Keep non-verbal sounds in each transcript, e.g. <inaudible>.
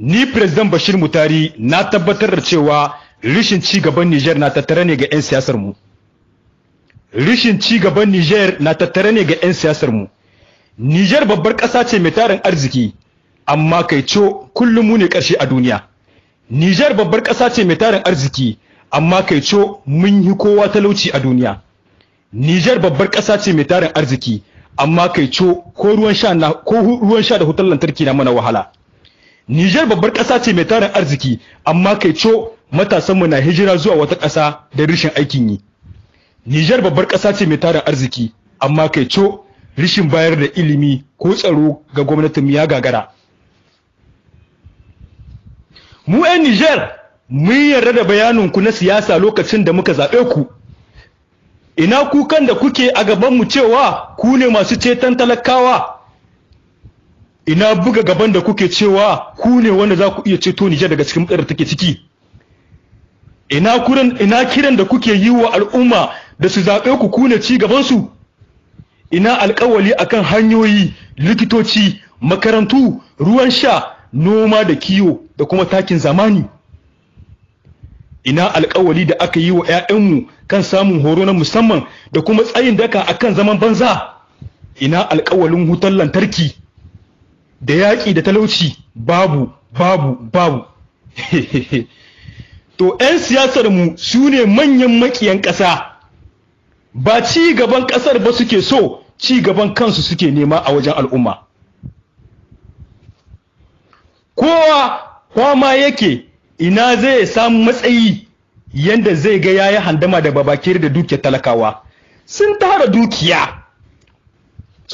ni president bashir mutari na tabbatar da cewa rishin cigaban gaban na tattare ne ga 'yan siyasarmu. rishin cigaban nijar na tattare ne ga 'yan siyasarmu. Nijar babbar ƙasa ce mai tarin arziki amma kai co kullum mu ne ƙarshe a duniya Nijar babbar ƙasa ce mai tarin arziki amma kai co mun yi kowa talauci a duniya Nijar babbar ƙasa ce mai tarin arziki amma kai co ko ruwan sha da hutar lantarki na mana wahala Nijar babbar ƙasa ce mai tarin arziki amma kai co matasanmu na hijira zuwa wata ƙasa da rishin aikin yi. Nijar babbar ƙasa ce mai tarin arziki amma kai co rishin bayar da ilimi ko tsaro ga gwamnatin ya gagara. Mu 'yan Nijar mun yarda da bayaninku na siyasa lokacin da muka zaɓe ku. Ina kukan da kuke a gabanmu cewa ku ne masu ceton talakawa ina buga gaban da kuke cewa ku ne wanda za ku iya ceto Nijar daga cikin matsalar take ciki ina kuran ina kiran da kuke yi wa al'umma da su zaɓe ku ku ci gaban su ina alƙawali akan hanyoyi likitoci makarantu ruwan sha noma da kiwo da kuma takin zamani ina alƙawali da aka yi wa 'ya'yanmu kan samun horo na musamman da kuma tsayin daka akan zaman banza ina alƙawalin wutar lantarki da yaƙi da talauci babu babu babu <laughs> to 'yan siyasar mu su ne manyan maƙiyan ƙasa ba ci gaban ƙasar ba suke so ci gaban kansu suke nema a wajen al'umma kowa kwama yake ina zai samu matsayi yanda zai ga yayi handama da babakir da dukiyar talakawa sun tara dukiya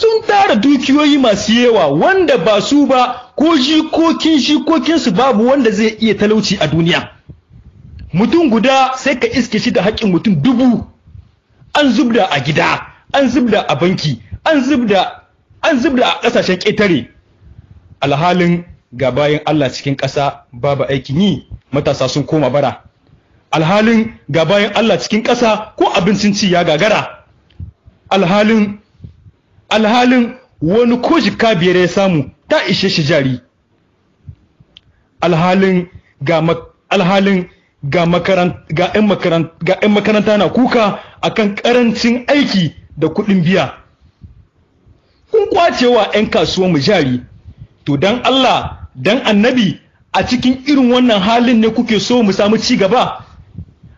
sun tara dukiyoyi masu yawa wanda ba su ba ko jikokin jikokinsu babu wanda zai iya talauci a duniya mutum guda sai ka iske shi da haƙƙin mutum dubu an zubda a gida an zubda a banki an zubda an zubda a ƙasashen ƙetare alhalin ga bayan Allah cikin ƙasa babu aikin yi matasa sun koma bara alhalin ga bayan Allah cikin ƙasa ko abincin ci ya gagara alhalin alhalin wani ko jika biyar ya samu ta ishe shi jari alhalin ga ga ‘yan makaranta na kuka akan karancin aiki da kuɗin biya. Kun kwacewa ‘yan kasuwa mu jari, to don Allah, don annabi a cikin irin wannan halin ne kuke so mu samu ci gaba,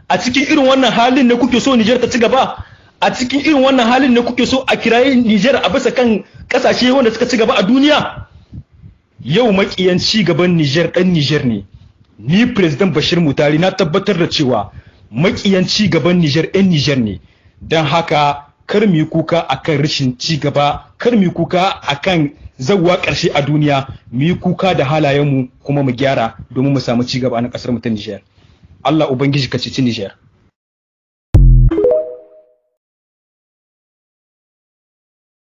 a cikin irin wannan halin ne kuke so Nijar ta ci gaba, a cikin irin wannan halin ne kuke so a kiraye Nijar a bisa kan kasashe wanda suka ci gaba a duniya yau makiyan ci gaban Nijar dan Nijar ne ni president Bashir Mutari na tabbatar da cewa makiyan ci gaban Nijar yan Nijar ne dan haka kar mu kuka akan rashin ci gaba kar mu kuka akan zawwa ƙarshe a duniya mu yi kuka da halayenmu kuma mu gyara domin mu samu ci gaba na ƙasar mu ta Nijar Allah ubangiji ka ci Nijar